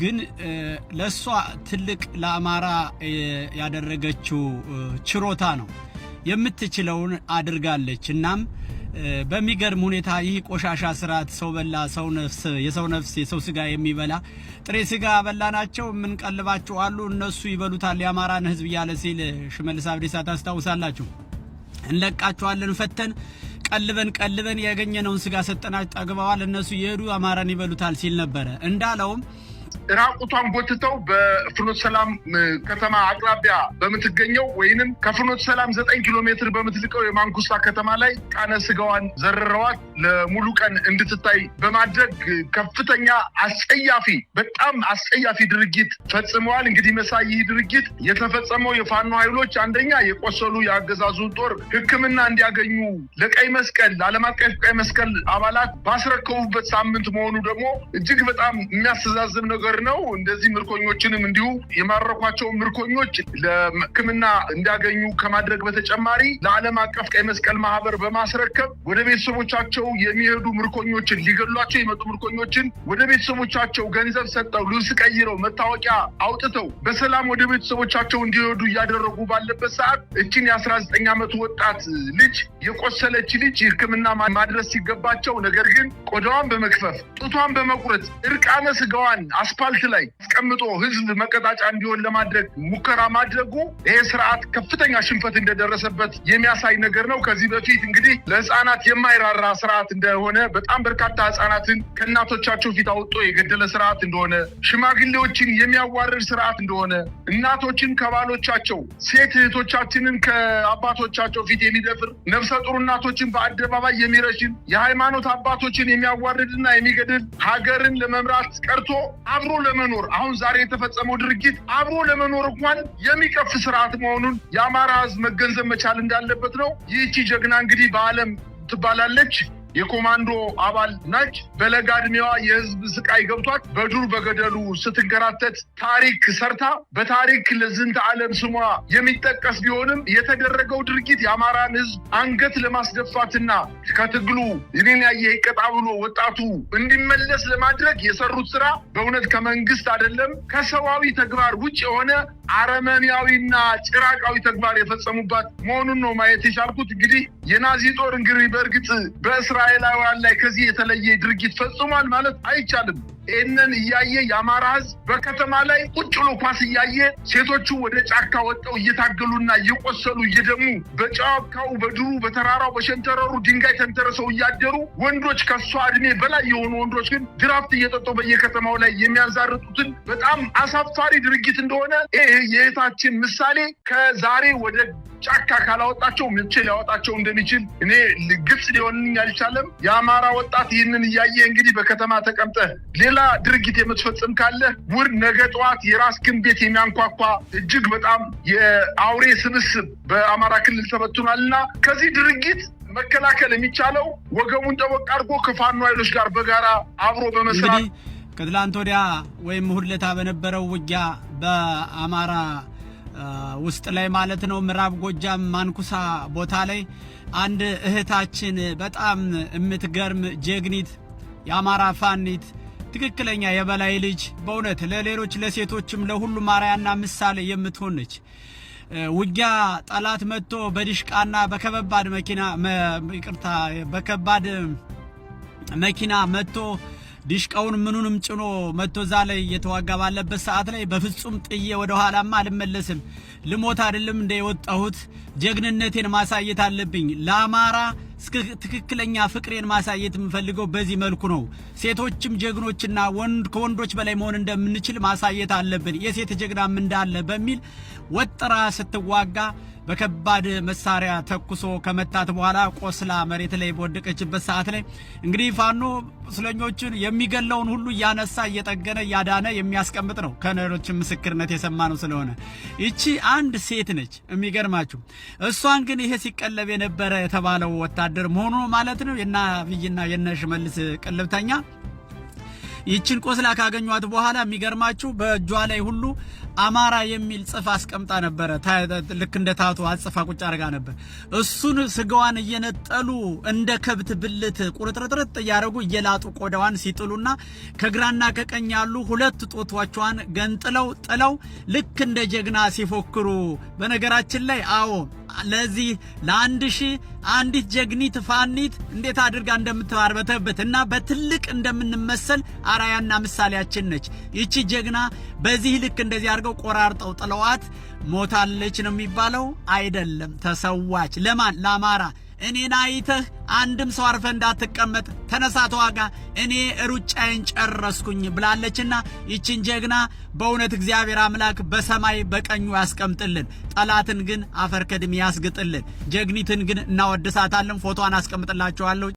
ግን ለእሷ ትልቅ ለአማራ ያደረገችው ችሮታ ነው። የምትችለውን አድርጋለች። እናም በሚገርም ሁኔታ ይህ ቆሻሻ ስርዓት ሰው በላ ሰው ነፍስ የሰው ነፍስ የሰው ስጋ የሚበላ ጥሬ ስጋ በላናቸው የምንቀልባቸው አሉ እነሱ ይበሉታል የአማራን ህዝብ እያለ ሲል ሽመልስ አብዲሳ ታስታውሳላችሁ። እንለቃቸዋለን ፈተን ቀልበን ቀልበን ያገኘነውን ስጋ ሰጠናች ጠግበዋል፣ እነሱ የሄዱ አማራን ይበሉታል ሲል ነበረ እንዳለውም ራቁቷን ጎትተው በፍኖት ሰላም ከተማ አቅራቢያ በምትገኘው ወይንም ከፍኖት ሰላም ዘጠኝ ኪሎ ሜትር በምትልቀው የማንኩሳ ከተማ ላይ ቃነ ስጋዋን ዘርረዋት ለሙሉ ቀን እንድትታይ በማድረግ ከፍተኛ አስጸያፊ በጣም አስጸያፊ ድርጊት ፈጽመዋል። እንግዲህ መሳይ ይህ ድርጊት የተፈጸመው የፋኖ ኃይሎች አንደኛ የቆሰሉ የአገዛዙን ጦር ሕክምና እንዲያገኙ ለቀይ መስቀል ለዓለም አቀፍ ቀይ መስቀል አባላት ባስረከቡበት ሳምንት መሆኑ ደግሞ እጅግ በጣም የሚያስተዛዝብ ነገር ነገር ነው። እንደዚህ ምርኮኞችንም እንዲሁ የማረኳቸው ምርኮኞች ለሕክምና እንዲያገኙ ከማድረግ በተጨማሪ ለዓለም አቀፍ ቀይ መስቀል ማህበር በማስረከብ ወደ ቤተሰቦቻቸው የሚሄዱ ምርኮኞችን ሊገሏቸው የመጡ ምርኮኞችን ወደ ቤተሰቦቻቸው ገንዘብ ሰጠው ልብስ ቀይረው መታወቂያ አውጥተው በሰላም ወደ ቤተሰቦቻቸው እንዲሄዱ እያደረጉ ባለበት ሰዓት እችን የአስራ ዘጠኝ ዓመት ወጣት ልጅ የቆሰለች ልጅ ሕክምና ማድረስ ሲገባቸው ነገር ግን ቆዳዋን በመክፈፍ ጡቷን በመቁረጥ እርቃነ ስጋዋን አስፓልት ላይ አስቀምጦ ህዝብ መቀጣጫ እንዲሆን ለማድረግ ሙከራ ማድረጉ ይሄ ስርዓት ከፍተኛ ሽንፈት እንደደረሰበት የሚያሳይ ነገር ነው። ከዚህ በፊት እንግዲህ ለህፃናት የማይራራ ስርዓት እንደሆነ በጣም በርካታ ህፃናትን ከእናቶቻቸው ፊት አውጦ የገደለ ስርዓት እንደሆነ፣ ሽማግሌዎችን የሚያዋርድ ስርዓት እንደሆነ፣ እናቶችን ከባሎቻቸው፣ ሴት እህቶቻችንን ከአባቶቻቸው ፊት የሚደፍር ነፍሰ ጡር እናቶችን በአደባባይ የሚረሽን፣ የሃይማኖት አባቶችን የሚያዋርድና የሚገድል ሀገርን ለመምራት ቀርቶ አብሮ ለመኖር አሁን ዛሬ የተፈጸመው ድርጊት አብሮ ለመኖር እንኳን የሚቀፍ ስርዓት መሆኑን የአማራ ህዝብ መገንዘብ መቻል እንዳለበት ነው። ይህቺ ጀግና እንግዲህ በዓለም ትባላለች። የኮማንዶ አባል ናች። በለጋ እድሜዋ የህዝብ ስቃይ ገብቷት በዱር በገደሉ ስትንከራተት ታሪክ ሰርታ በታሪክ ለዝንተ ዓለም ስሟ የሚጠቀስ ቢሆንም የተደረገው ድርጊት የአማራን ህዝብ አንገት ለማስደፋትና ከትግሉ እኔን ያየ ይቀጣ ብሎ ወጣቱ እንዲመለስ ለማድረግ የሰሩት ስራ በእውነት ከመንግስት አይደለም ከሰዋዊ ተግባር ውጭ የሆነ አረመኔያዊና ጭራቃዊ ተግባር የፈጸሙባት መሆኑን ነው ማየት የቻልኩት። እንግዲህ የናዚ ጦር እንግዲህ በእርግጥ በእስራ በእስራኤላውያን ላይ ከዚህ የተለየ ድርጊት ፈጽሟል ማለት አይቻልም። ይህንን እያየ የአማራ ህዝብ በከተማ ላይ ቁጭ ብሎ ኳስ እያየ ሴቶቹ ወደ ጫካ ወጠው እየታገሉና እየቆሰሉ እየደሙ በጫካው በድሩ በተራራው በሸንተረሩ ድንጋይ ተንተረሰው እያደሩ ወንዶች ከሷ እድሜ በላይ የሆኑ ወንዶች ግን ድራፍት እየጠጡ በየከተማው ላይ የሚያንዛርጡትን በጣም አሳፋሪ ድርጊት እንደሆነ ይህ የእህታችን ምሳሌ ከዛሬ ወደ ጫካ ካላወጣቸው መቼ ሊያወጣቸው እንደሚችል እኔ ግልጽ ሊሆንልኝ አልቻለም። የአማራ ወጣት ይህንን እያየ እንግዲህ በከተማ ተቀምጠ ሌላ ድርጊት የምትፈጽም ካለ ውር ነገ ጠዋት የራስህን ቤት የሚያንኳኳ እጅግ በጣም የአውሬ ስብስብ በአማራ ክልል ተበትኗልና ከዚህ ድርጊት መከላከል የሚቻለው ወገቡን ጠበቅ አድርጎ ከፋኖ ኃይሎች ጋር በጋራ አብሮ በመስራት ከትላንት ወዲያ ወይም ሁለታ በነበረው ውጊያ በአማራ ውስጥ ላይ ማለት ነው ምዕራብ ጎጃም ማንኩሳ ቦታ ላይ አንድ እህታችን በጣም የምትገርም ጀግኒት የአማራ ፋኒት ትክክለኛ የበላይ ልጅ በእውነት ለሌሎች ለሴቶችም ለሁሉም አርአያና ምሳሌ የምትሆን ነች። ውጊያ ጠላት መጥቶ በድሽቃና በከበባድ መኪና ይቅርታ፣ በከባድ መኪና መጥቶ ዲሽቃውን ምኑንም ጭኖ መጥቶ እዛ ላይ እየተዋጋ ባለበት ሰዓት ላይ በፍጹም ጥዬ ወደ ኋላማ አልመለስም። ልሞት አይደለም እንደ የወጣሁት ጀግንነቴን ማሳየት አለብኝ ለአማራ ትክክለኛ ፍቅሬን ማሳየት የምፈልገው በዚህ መልኩ ነው። ሴቶችም ጀግኖችና ወንድ ከወንዶች በላይ መሆን እንደምንችል ማሳየት አለብን፣ የሴት ጀግናም እንዳለ በሚል ወጥራ ስትዋጋ በከባድ መሳሪያ ተኩሶ ከመታት በኋላ ቆስላ መሬት ላይ በወደቀችበት ሰዓት ላይ እንግዲህ ፋኖ ቁስለኞችን የሚገለውን ሁሉ እያነሳ እየጠገነ እያዳነ የሚያስቀምጥ ነው። ከነሮች ምስክርነት የሰማነው ስለሆነ ይቺ አንድ ሴት ነች። የሚገርማችሁ እሷን ግን ይሄ ሲቀለብ የነበረ የተባለው ወታደር መሆኑ ማለት ነው የና አብይና የነ ሽመልስ ቅልብተኛ ይችን ቆስላ ካገኟት በኋላ የሚገርማችሁ በእጇ ላይ ሁሉ አማራ የሚል ጽፍ አስቀምጣ ነበረ። ልክ እንደ ታቱ አጽፋ ቁጭ አርጋ ነበር። እሱን ስጋዋን እየነጠሉ እንደ ከብት ብልት ቁርጥርጥርጥ እያደረጉ እየላጡ ቆዳዋን ሲጥሉና ከግራና ከቀኝ ያሉ ሁለት ጦቷቿን ገንጥለው ጥለው ልክ እንደ ጀግና ሲፎክሩ በነገራችን ላይ አዎ ለዚህ ለአንድ ሺህ አንዲት ጀግኒት ፋኒት እንዴት አድርጋ እንደምትባርበተበት እና በትልቅ እንደምንመሰል አራያና ምሳሌያችን ነች። ይቺ ጀግና በዚህ ልክ እንደዚህ አድርገው ቆራርጠው ጥለዋት ሞታለች ነው የሚባለው አይደለም። ተሰዋች ለማን? ለአማራ እኔን አይተህ አንድም ሰው አርፈ እንዳትቀመጥ ተነሳ፣ ተዋጋ፣ እኔ ሩጫዬን ጨረስኩኝ ብላለችና ይችን ጀግና በእውነት እግዚአብሔር አምላክ በሰማይ በቀኙ ያስቀምጥልን፣ ጠላትን ግን አፈር ከድሜ ያስግጥልን። ጀግኒትን ግን እናወድሳታለን። ፎቶዋን አስቀምጥላችኋለሁ።